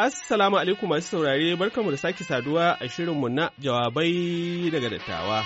Assalamu alaikum masu saurare barkamu da sake saduwa a shirin mu, na jawabai daga dattawa.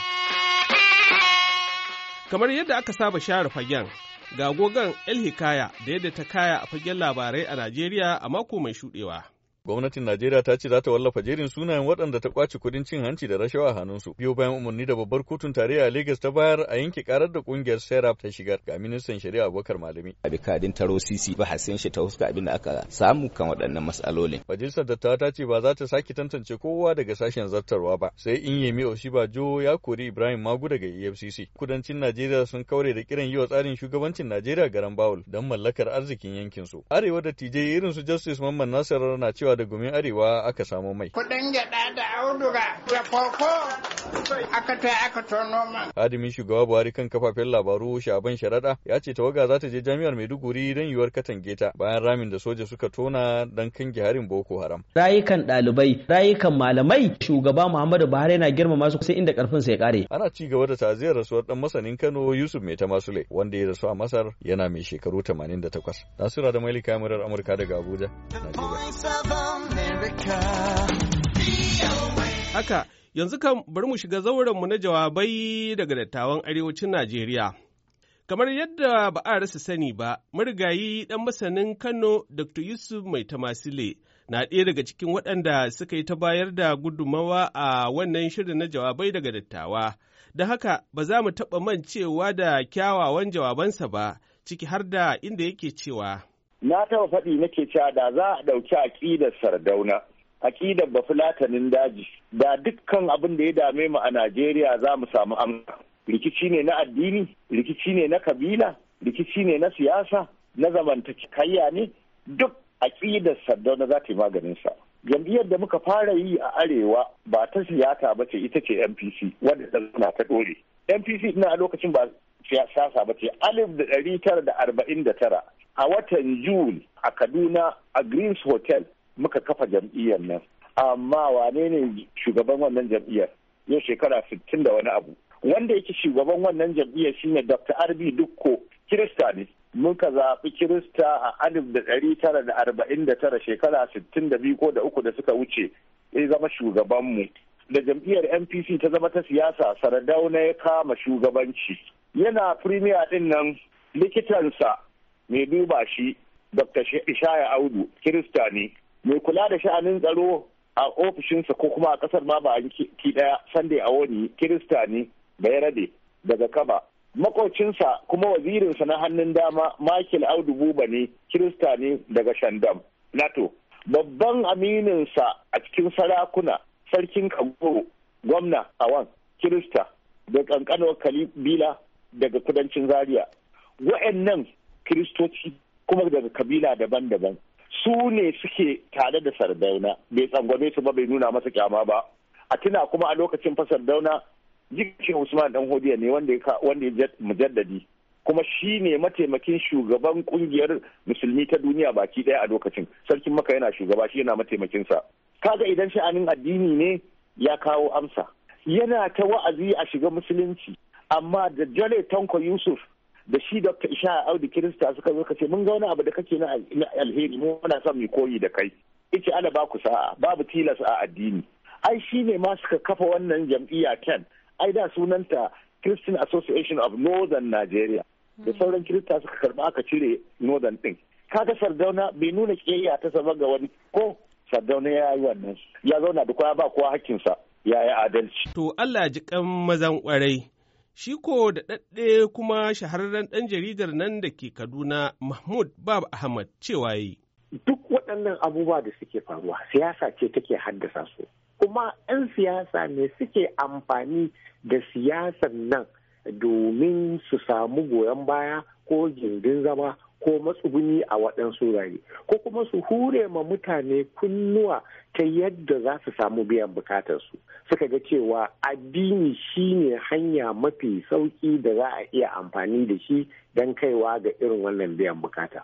Kamar yadda aka saba share fagen, ga gogon El Hikaya da yadda ta kaya a fagen labarai a Najeriya a mako mai shuɗewa. Gwamnatin Najeriya ta ce za ta wallafa jerin sunayen waɗanda ta kwace kuɗin cin hanci da rashawa a hannunsu. Biyo bayan umarni da babbar kotun tarayya a Legas ta bayar a yanke karar da ƙungiyar Serap ta shigar ga ministan shari'a Abubakar Malami. Abi kadin taro sisi ba hasin shi ta huska abin da aka samu kan waɗannan matsalolin. Majalisar dattawa ta ce ba za ta sake tantance kowa daga sashen zartarwa ba. Sai in Yemi jo ya kori Ibrahim Magu daga EFCC. Kudancin Najeriya sun kaure da kiran yi wa tsarin shugabancin Najeriya garan Bawul don mallakar arzikin yankinsu. Arewa da TJ irin su Justice Mamman nasarar na cewa da gumin arewa aka samo mai. Kuɗin gyaɗa da auduga da koko aka shugaba Buhari kan kafafen labaru Shaban sharada ya ce tawaga za ta je jami'ar Maiduguri don yiwuwar katange ta bayan ramin da soja suka tona don kan harin Boko Haram. Rayukan ɗalibai, rayukan malamai, shugaba Muhammadu Buhari yana girmama su sai inda karfin sa ya kare. Ana ci gaba da taziyar rasuwar ɗan masanin Kano Yusuf Mai Masule, wanda ya rasu a Masar yana mai shekaru 88. Nasira da kai Yamurar Amurka daga Abuja. Haka Yanzu kan bari mu shiga zaurenmu na jawabai daga dattawan arewacin Najeriya. Kamar yadda ba a rasa sani ba, marigayi ɗan masanin Kano Dr. Yusuf Mai Tamasile na ɗaya daga cikin waɗanda suka yi ta bayar da gudummawa a wannan shirin na jawabai daga dattawa. Da haka ba za mu taɓa mancewa da kyawawan jawabansa ba, ciki har da inda yake cewa. Na taɓa faɗi nake cewa da za a ɗauki aƙidar Sardauna aƙidar bafulatanin daji da dukkan abin da ya dame mu a najeriya za mu samu amsa rikici ne na addini rikici ne na kabila rikici ne na siyasa na zamantakayya ne duk aƙidar sardauna za ta yi maganin sa. jam'iyyar da muka fara yi a arewa ba ta siyasa ba ce ita ce npc wadda ta zana ta ɗore MPC ina a lokacin ba siyasa ba ce alif da ɗari tara da arba'in da tara a watan june a kaduna a greens hotel muka kafa jam'iyyar nan amma wane ne shugaban wannan jam'iyyar yau shekara sittin da wani abu wanda yake shugaban wannan jam'iyyar shine dr rb dukko kirista ne muka zaɓi kirista a alif da ɗari tara da arba'in da tara shekara sittin da biyu ko da uku da suka wuce ya zama shugabanmu da jam'iyyar npc ta zama ta siyasa sardauna ya kama shugabanci yana firimiya ɗin nan likitansa mai duba shi dr ishaya audu kirista ne mai kula da sha'anin tsaro a ofishinsa ko kuma a kasar ma ba a ki daya sande a wani kirista ne bai rade daga kaba makocinsa kuma wazirinsa na hannun dama michael audu buba ne kirista ne daga shandam nato babban amininsa a cikin sarakuna sarkin kagoro gwamna awan kirista da kankanuwar kabila daga kudancin zaria wa'annan kiristoci kuma daga kabila daban-daban su ne suke tare da sardauna bai tsangwame su ba bai nuna masa kyama ba a tuna kuma a lokacin fasar dauna jikin usman dan hodiya ne wanda ya mujaddadi kuma shi ne mataimakin shugaban kungiyar musulmi ta duniya baki daya a lokacin sarkin maka yana shugaba shi yana mataimakinsa kaga idan sha'anin addini ne ya kawo amsa yana ta wa'azi a shiga musulunci amma da jale tanko yusuf da shi Dr. Isha Audu Kirista suka zo ka ce mun ga wani abu da kake na alheri mu muna son mu koyi da kai. Ice ana ba ku sa'a babu tilas a addini. Ai shi ne ma suka kafa wannan jam'iyya Ken. Ai da sunanta Christian Association of Northern Nigeria. Da hmm. sauran Kirista suka karba aka cire Northern din. Kaga Sardauna bai nuna kiyayya ta sama ga wani ko Sardauna ya yi wannan. Ya zauna da kowa ba kowa hakkinsa. ya yi adalci. To Allah ji kan mazan kwarai Shi ko da ɗaɗɗe kuma shahararren ɗan jaridar nan da ke Kaduna Mahmud Bab Ahmad cewa yi. Duk waɗannan abubuwa da suke faruwa siyasa ce take haddasa su. Kuma 'yan siyasa ne suke amfani da siyasar nan domin su samu goyon baya ko gindin zama ko matsuguni a waɗansu wurare ko kuma su hure ma mutane kunnuwa ta yadda za su samu biyan bukatarsu suka ga cewa addini shine hanya mafi sauki da za a iya amfani da shi don kaiwa ga irin wannan biyan bukata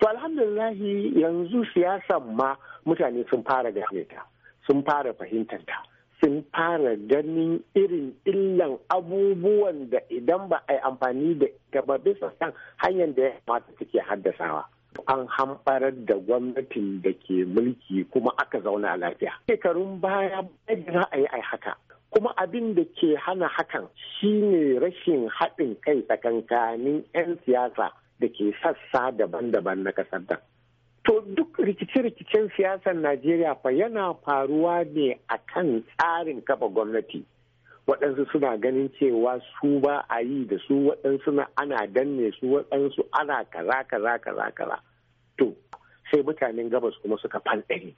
to alhamdulillahi yanzu siyasan ma mutane sun fara gane ta sun fara fahimtar ta sun fara ganin irin illan abubuwan da idan ba a yi amfani da ita ba bisa hanyar da ya kamata take haddasawa. An hamɓarar da gwamnatin da ke mulki kuma aka zauna a lafiya. Shekarun baya bayan za a yi haka. kuma abin da ke hana hakan shine rashin haɗin kai tsakankanin 'yan siyasa da ke sassa daban-daban na ƙasar nan. To duk rikice-rikicen siyasar Najeriya fa yana faruwa ne a kan tsarin kafa gwamnati. Waɗansu suna ganin cewa su ba a yi da su waɗansu na ana danne su waɗansu ana kaza kaza kaza kaza. To sai mutanen gabas kuma suka fanɗari.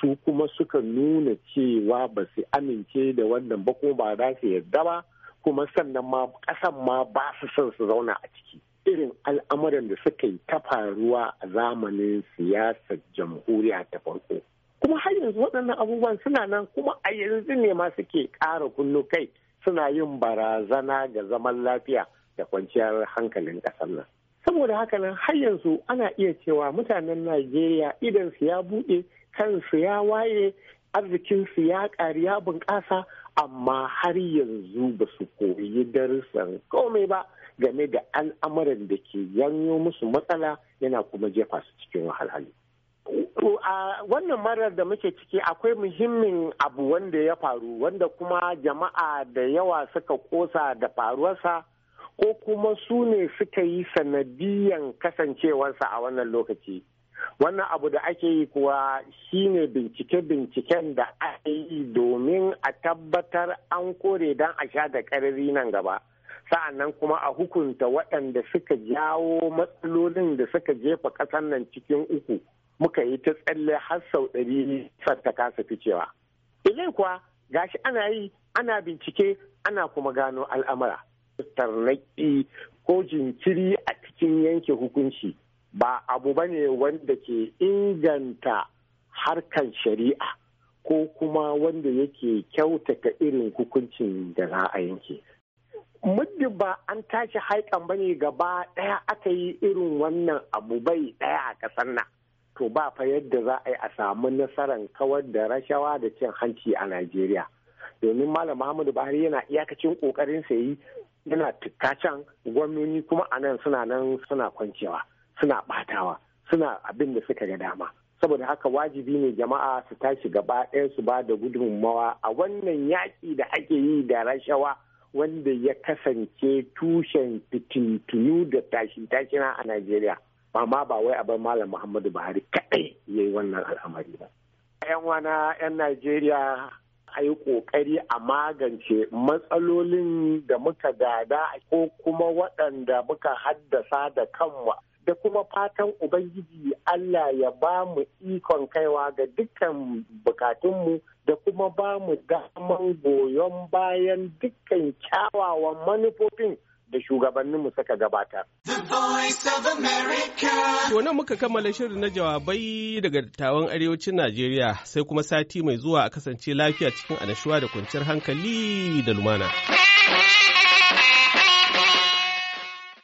Su kuma suka nuna cewa ba su amince da wannan ba kuma ba za su yarda ba kuma sannan ma ƙasan ma ba su son su zauna a ciki. irin al'amuran da suka yi ta faruwa a zamanin siyasar jamhuriya ta farko kuma har yanzu waɗannan abubuwan suna nan kuma a yanzu ne ma suke ƙara kullu kai suna yin barazana ga zaman lafiya da kwanciyar hankalin ƙasar nan saboda haka nan har yanzu ana iya cewa mutanen najeriya idan su ya buɗe kansu ya waye arzikinsu ya ƙari ya bunƙasa amma har yanzu ba su koyi darussan komai ba game da al'amuran da ke janyo musu matsala yana kuma jefa su cikin wahalhali. A wannan marar da muke ciki akwai muhimmin abu wanda ya faru wanda kuma jama'a da yawa suka kosa da faruwarsa ko kuma su ne suka yi sanadiyan kasancewarsa a wannan lokaci. Wannan abu da ake yi kuwa shine bincike-binciken da ake yi domin a tabbatar an kore don a sha da ƙarari nan gaba. sa'annan kuma a hukunta waɗanda suka jawo matsalolin da suka jefa ƙasar nan cikin uku muka yi ta tsalle har sau ɗari ta kasa ficewa. Ilai kuwa gashi ana yi ana bincike ana kuma gano al'amura. Tarnaki ko jinkiri a cikin yanke hukunci ba abu ba ne wanda ke inganta harkan shari'a ko kuma wanda yake kyautata irin hukuncin da za a yanke. muddin ba an tashi haikan bane gaba daya aka yi irin wannan abu bai daya a kasar nan to ba fa yadda za a yi a samu nasarar kawar da rashawa da cin hanci a Najeriya domin Malam Muhammadu Buhari yana iyakacin kokarin sa yi yana tukacen gwamnoni kuma a nan suna nan suna kwancewa suna batawa suna abin da suka ga dama saboda haka wajibi ne jama'a su tashi gaba ɗaya su ba da gudunmawa a wannan yaƙi da ake yi da rashawa wanda ya kasance tushen fitintunu da tashin tashina a Najeriya. ma ba wai a bar Malam Muhammadu Buhari kaɗai ya yi wannan al'amari ba. 'Yan wana 'yan Najeriya a yi ƙoƙari a magance matsalolin da muka gada ko kuma waɗanda muka haddasa da kanwa. da kuma fatan Ubangiji Allah ya ba mu ikon kaiwa ga dukkan bukatunmu da kuma ba mu daman goyon bayan dukkan kyawawan manufofin da shugabanninmu suka gabatar. To nan muka kammala shirin na jawabai daga dattawan arewacin Najeriya sai kuma sati mai zuwa a kasance lafiya cikin anashuwa da kwanciyar hankali da lumana.